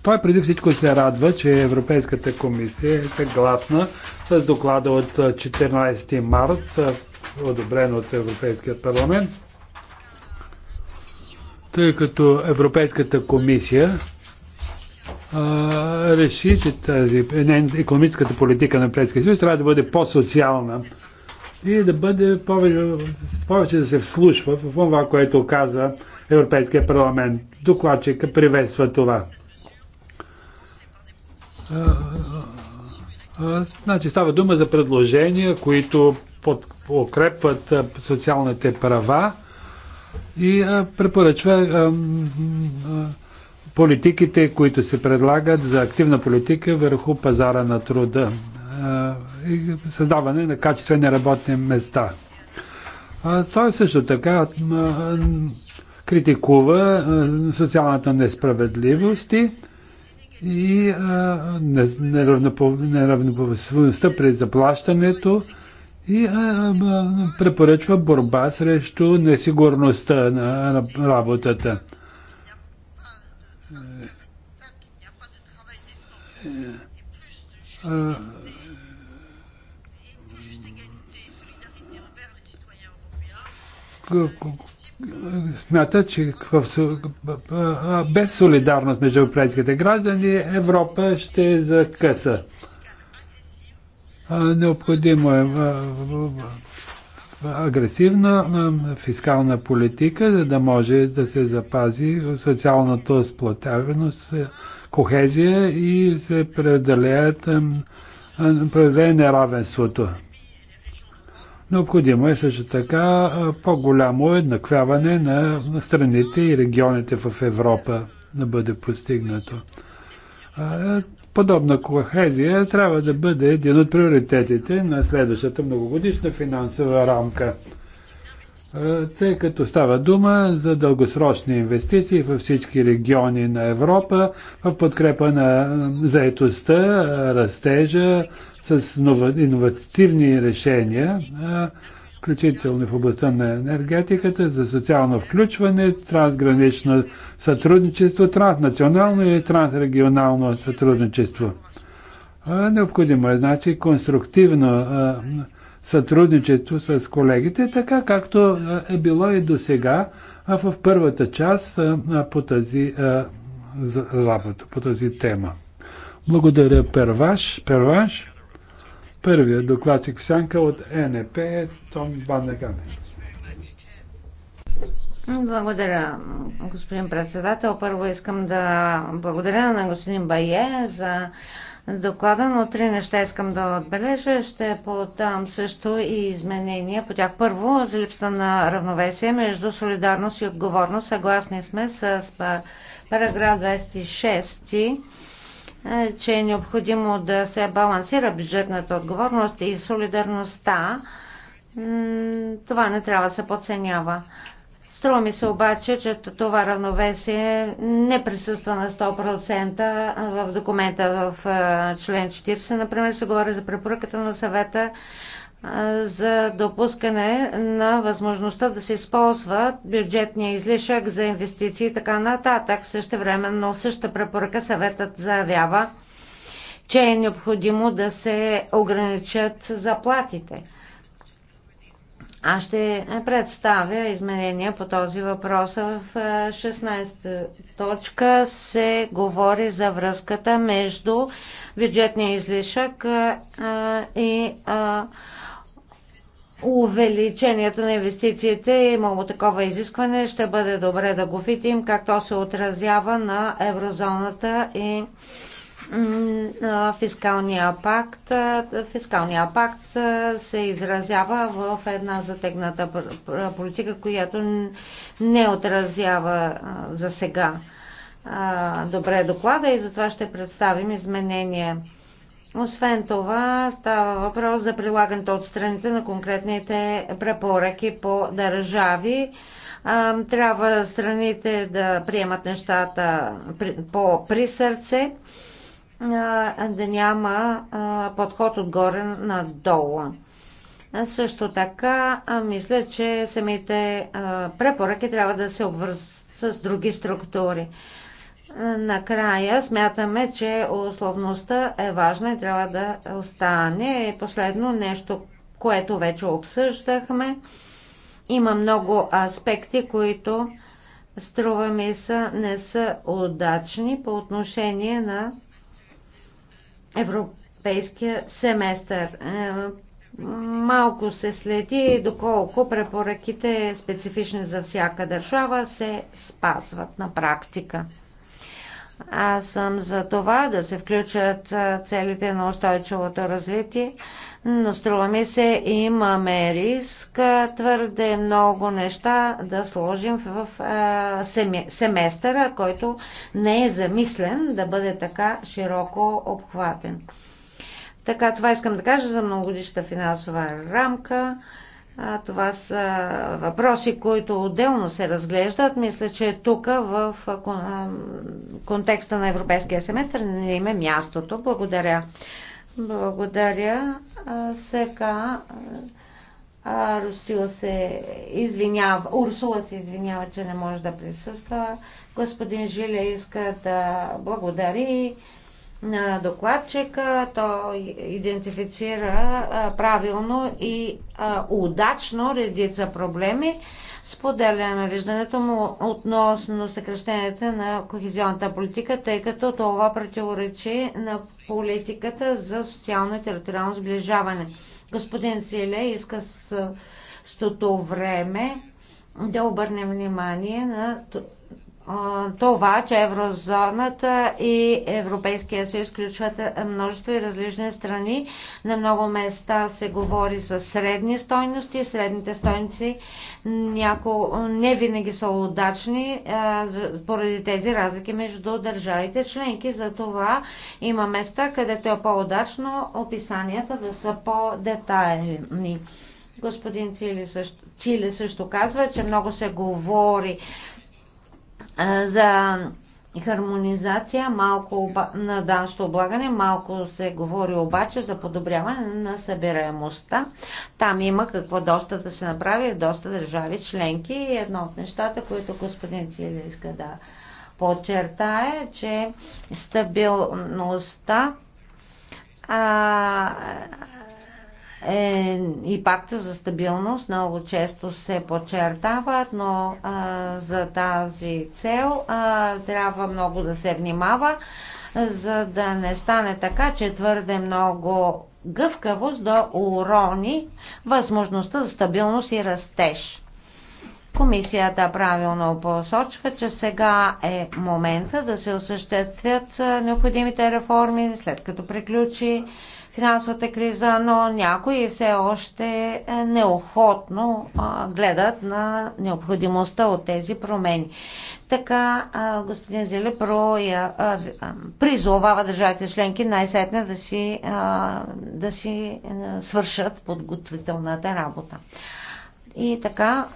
Той преди всичко се радва, че Европейската комисия е съгласна с доклада от 14 март, одобрен от Европейския парламент, тъй като Европейската комисия а, реши, че тази е, економическата политика на Европейския съюз трябва да бъде по-социална и да бъде повече, повече да се вслушва в това, което каза Европейския парламент. Докладчика приветства това. значи става дума за предложения, които под, укрепват социалните права и а, препоръчва политиките, които се предлагат за активна политика върху пазара на труда създаване на качествени работни места. А, той също така критикува социалната несправедливост и неравнопоставеността при заплащането и препоръчва борба срещу несигурността на работата. Е, е, смята, че без солидарност между европейските граждани Европа ще закъса. Необходимо е агресивна фискална политика, за да може да се запази социалната сплотяваност, кохезия и се преодолеят неравенството. Необходимо е също така по-голямо еднаквяване на страните и регионите в Европа да бъде постигнато. Подобна кохезия трябва да бъде един от приоритетите на следващата многогодишна финансова рамка, тъй като става дума за дългосрочни инвестиции във всички региони на Европа в подкрепа на заетостта, растежа, с иновативни решения, включително в областта на енергетиката, за социално включване, трансгранично сътрудничество, транснационално и трансрегионално сътрудничество. Необходимо е, значи, конструктивно сътрудничество с колегите, така както е било и до сега в първата част по тази работа, по тази тема. Благодаря, Перваш. Перваш. Първият докладчик в сянка от е НП е Том Бандегане. Благодаря, господин председател. Първо искам да благодаря на господин Бае за доклада, но три неща искам да отбележа. Ще подам също и изменения по тях. Първо, за липса на равновесие между солидарност и отговорност. Съгласни сме с параграф 26 че е необходимо да се балансира бюджетната отговорност и солидарността. Това не трябва да се подценява. Струва ми се обаче, че това равновесие не присъства на 100% в документа в член 40. Например се говори за препоръката на съвета за допускане на възможността да се използва бюджетния излишък за инвестиции и така нататък. Също време, в същата препоръка съветът заявява, че е необходимо да се ограничат заплатите. Аз ще представя изменения по този въпрос. В 16 точка се говори за връзката между бюджетния излишък и а, увеличението на инвестициите, имало такова изискване, ще бъде добре да го видим, как то се отразява на еврозоната и фискалния пакт. Фискалния пакт се изразява в една затегната политика, която не отразява за сега добре е доклада и затова ще представим изменения освен това, става въпрос за прилагането от страните на конкретните препоръки по държави. Трябва страните да приемат нещата по-при сърце, да няма подход отгоре надолу. Също така, мисля, че самите препоръки трябва да се обвързват с други структури. Накрая смятаме, че условността е важна и трябва да остане. И последно нещо, което вече обсъждахме. Има много аспекти, които струва ми са, не са удачни по отношение на европейския семестър. Е, малко се следи доколко препоръките специфични за всяка държава се спазват на практика. Аз съм за това да се включат целите на устойчивото развитие, но струва ми се имаме риск твърде много неща да сложим в семестъра, който не е замислен да бъде така широко обхватен. Така, това искам да кажа за многогодишната финансова рамка. А, това са въпроси, които отделно се разглеждат. Мисля, че тук в контекста на европейския семестър не има е мястото. Благодаря. Благодаря. А, сега а, Русила се извинява, Урсула се извинява, че не може да присъства. Господин Жиля иска да благодари на докладчика. Той идентифицира правилно и удачно редица проблеми. на виждането му относно съкрещенията на кохезионната политика, тъй като това противоречи на политиката за социално и териториално сближаване. Господин Силе иска с стото време да обърнем внимание на това, че еврозоната и Европейския съюз включват множество и различни страни. На много места се говори за средни стойности. Средните стойности няко... не винаги са удачни поради тези разлики между държавите членки. Затова има места, където е по-удачно описанията да са по-детайлни. Господин Цили също, Цили също казва, че много се говори за хармонизация малко на данното облагане, малко се говори обаче за подобряване на събираемостта. Там има какво доста да се направи в доста държави членки и едно от нещата, които господин Цили иска да подчертае, е, че стабилността а, е, и пакта за стабилност много често се подчертават, но а, за тази цел а, трябва много да се внимава, за да не стане така, че твърде много гъвкавост да урони възможността за стабилност и растеж. Комисията правилно посочва, че сега е момента да се осъществят необходимите реформи, след като приключи финансовата криза, но някои все още е, неохотно гледат на необходимостта от тези промени. Така господин Зеле призовава държавите членки най-сетне да си, да си е, свършат подготвителната работа. И така,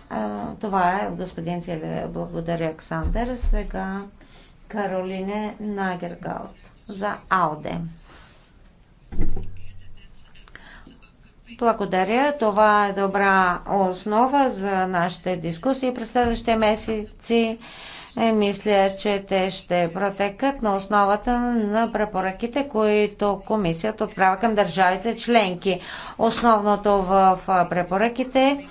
това е господин Зеле. Благодаря, Александър. Сега Каролине Нагергалт за Ауде. Благодаря. Това е добра основа за нашите дискусии през следващите месеци. Е, мисля, че те ще протекат на основата на препоръките, които комисията отправя към държавите членки. Основното в препоръките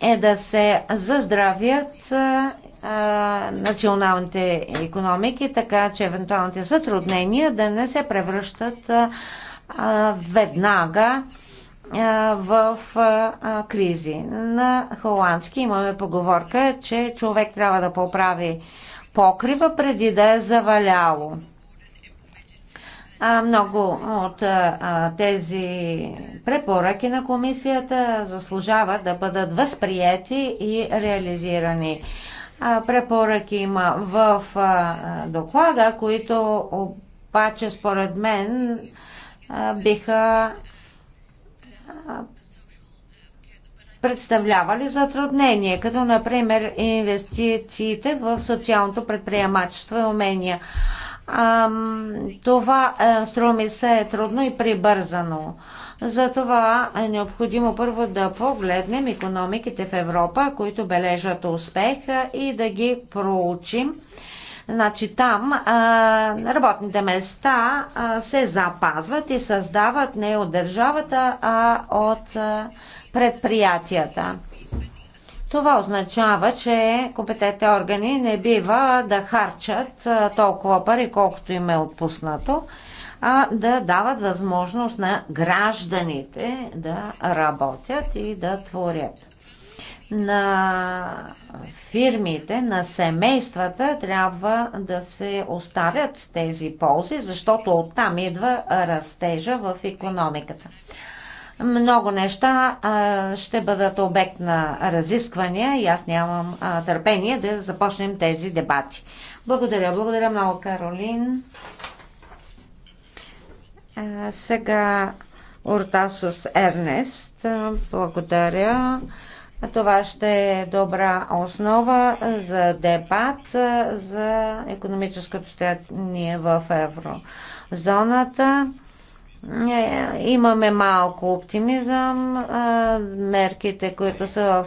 е да се заздравят а, националните економики, така че евентуалните затруднения да не се превръщат а, веднага в кризи. На холандски имаме поговорка, че човек трябва да поправи покрива преди да е заваляло. А, много от а, тези препоръки на комисията заслужават да бъдат възприяти и реализирани. А, препоръки има в а, доклада, които обаче според мен а, биха представлявали затруднение, като например инвестициите в социалното предприемачество и умения. А, това е, струми се е трудно и прибързано. Затова е необходимо първо да погледнем економиките в Европа, които бележат успех и да ги проучим Значи там а, работните места а, се запазват и създават не от държавата, а от а, предприятията. Това означава, че компетентните органи не бива да харчат толкова пари, колкото им е отпуснато, а да дават възможност на гражданите да работят и да творят на фирмите, на семействата трябва да се оставят тези ползи, защото оттам идва растежа в економиката. Много неща а, ще бъдат обект на разисквания и аз нямам а, търпение да започнем тези дебати. Благодаря, благодаря много, Каролин. А, сега Уртасус Ернест. Благодаря. Това ще е добра основа за дебат за економическото състояние в еврозоната. Е, имаме малко оптимизъм. Е, мерките, които са в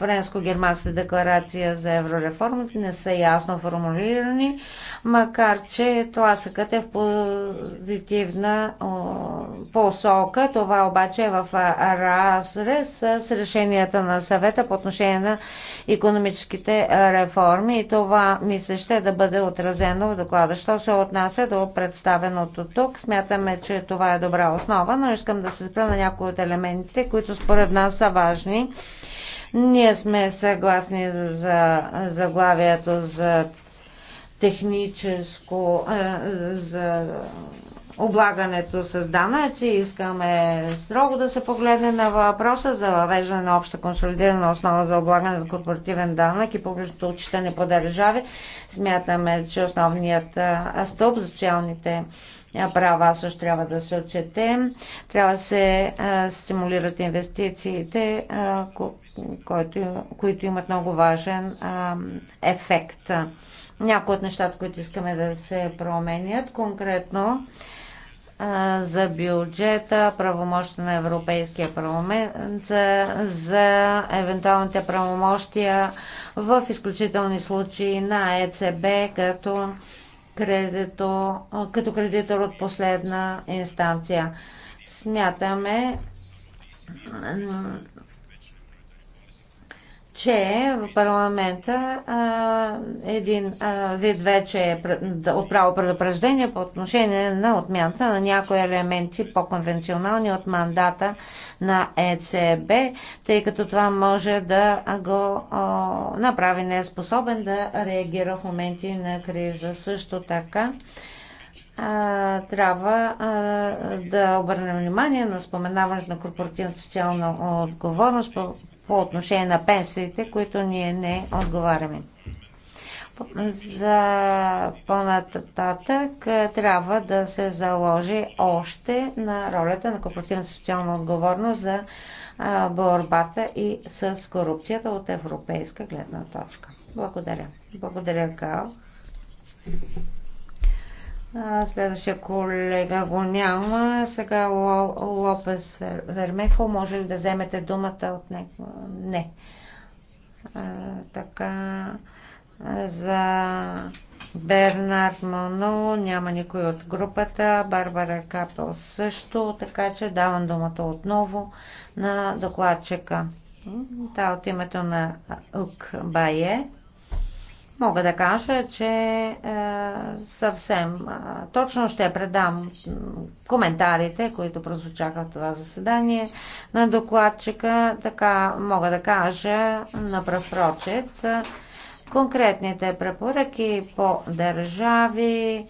френско-германската декларация за еврореформата, не са ясно формулирани макар че тласъкът е в позитивна посока. Това обаче е в разрез с решенията на съвета по отношение на економическите реформи и това ми се ще да бъде отразено в доклада. Що се отнася до представеното тук, смятаме, че това е добра основа, но искам да се спра на някои от елементите, които според нас са важни. Ние сме съгласни за заглавието за техническо а, за облагането с данъци. Искаме строго да се погледне на въпроса за въвеждане на обща консолидирана основа за облагане на корпоративен данък и публичното отчитане по държави. Смятаме, че основният стълб за социалните права също трябва да се отчете. Трябва да се стимулират инвестициите, които имат много важен ефект някои от нещата, които искаме да се променят. Конкретно за бюджета, правомощия на Европейския парламент, за, за евентуалните правомощия в изключителни случаи на ЕЦБ като кредито, като кредитор от последна инстанция. Смятаме че в парламента а, един а, вид вече е отправил предупреждение по отношение на отмяната на някои елементи по-конвенционални от мандата на ЕЦБ, тъй като това може да го а, направи неспособен да реагира в моменти на криза. Също така а, трябва а, да обърнем внимание на споменаването на корпоративната социална отговорност по, по отношение на пенсиите, които ние не отговаряме. За по-нататък трябва да се заложи още на ролята на корпоративната социална отговорност за а, борбата и с корупцията от европейска гледна точка. Благодаря. Благодаря, Као. Следващия колега го няма. Сега Лопес Вермехо, може ли да вземете думата от него? Не. А, така, за Бернард Моно няма никой от групата, Барбара Капел също, така че давам думата отново на докладчика. Та от името на Ук Бае мога да кажа, че е, съвсем е, точно ще предам коментарите, които прозвучаха в това заседание на докладчика. Така мога да кажа на пръв прочет е, конкретните препоръки по държави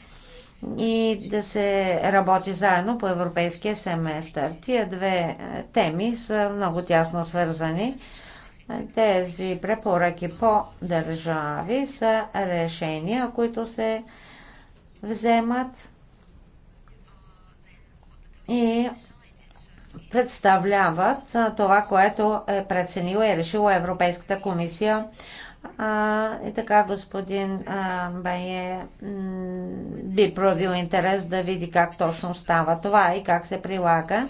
и да се работи заедно по европейския семестър. Тия две е, теми са много тясно свързани. Тези препоръки по държави са решения, които се вземат и представляват това, което е преценила и е решила Европейската комисия. А, и така господин а, Бае би проявил интерес да види как точно става това и как се прилага.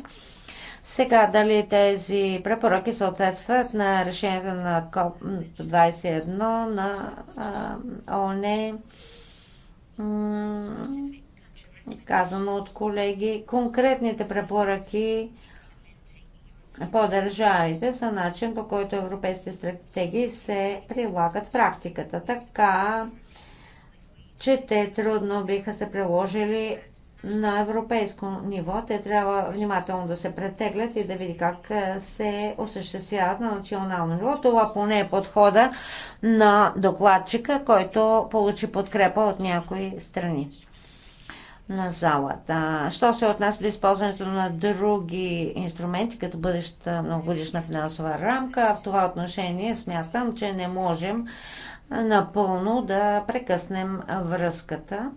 Сега, дали тези препоръки съответстват на решението на КОП-21 на ОНЕ, казано от колеги, конкретните препоръки по държавите са начин по който европейските стратегии се прилагат в практиката. Така, че те трудно биха се приложили на европейско ниво. Те трябва внимателно да се претеглят и да види как е, се осъществяват на национално ниво. Това поне е подхода на докладчика, който получи подкрепа от някои страни на залата. Що се отнася до използването на други инструменти, като бъдеща многогодишна финансова рамка, в това отношение смятам, че не можем напълно да прекъснем връзката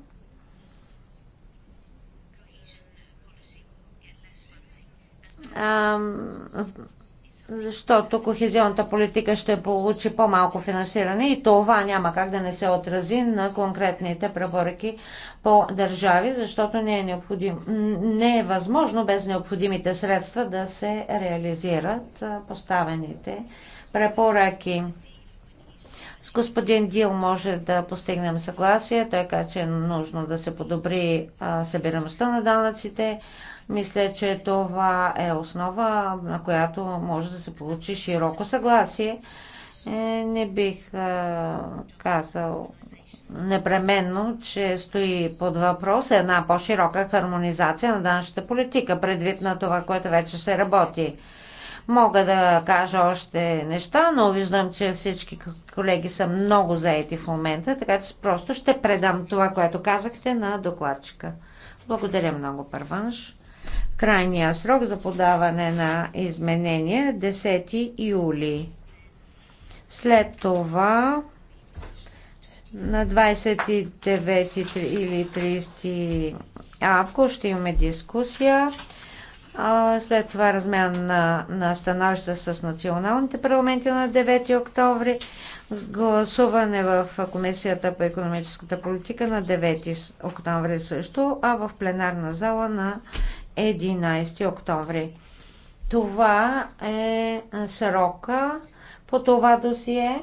защото кохезионната политика ще получи по-малко финансиране и това няма как да не се отрази на конкретните преборки по държави, защото не е, необходим, не е възможно без необходимите средства да се реализират поставените препоръки. С господин Дил може да постигнем съгласие, така че е нужно да се подобри събираността на данъците, мисля, че това е основа, на която може да се получи широко съгласие. Е, не бих е, казал непременно, че стои под въпрос една по-широка хармонизация на данъчната политика, предвид на това, което вече се работи. Мога да кажа още неща, но виждам, че всички колеги са много заети в момента, така че просто ще предам това, което казахте на докладчика. Благодаря много, Първанш. Крайния срок за подаване на изменения 10 е юли. След това на 29 или 30 август ще имаме дискусия. След това размяна на, на становища с националните парламенти на 9 октомври. Гласуване в Комисията по економическата политика на 9 октомври също, а в пленарна зала на 11 октомври. Това е срока по това досие.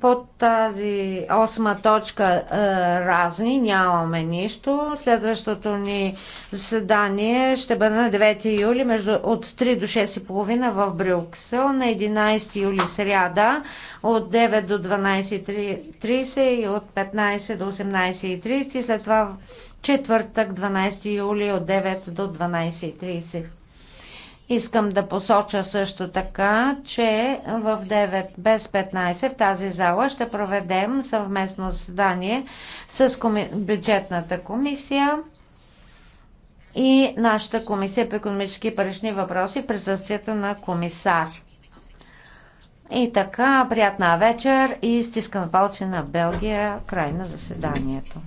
Под тази осма точка е, разни нямаме нищо. Следващото ни заседание ще бъде на 9 юли между, от 3 до 6.30 в Брюксел, на 11 юли сряда от 9 до 12.30 и от 15 до 18.30. След това четвъртък, 12 юли от 9 до 12.30. Искам да посоча също така, че в 9 без 15 в тази зала ще проведем съвместно заседание с коми... бюджетната комисия и нашата комисия по економически и парични въпроси в присъствието на комисар. И така, приятна вечер и стискаме палци на Белгия, край на заседанието.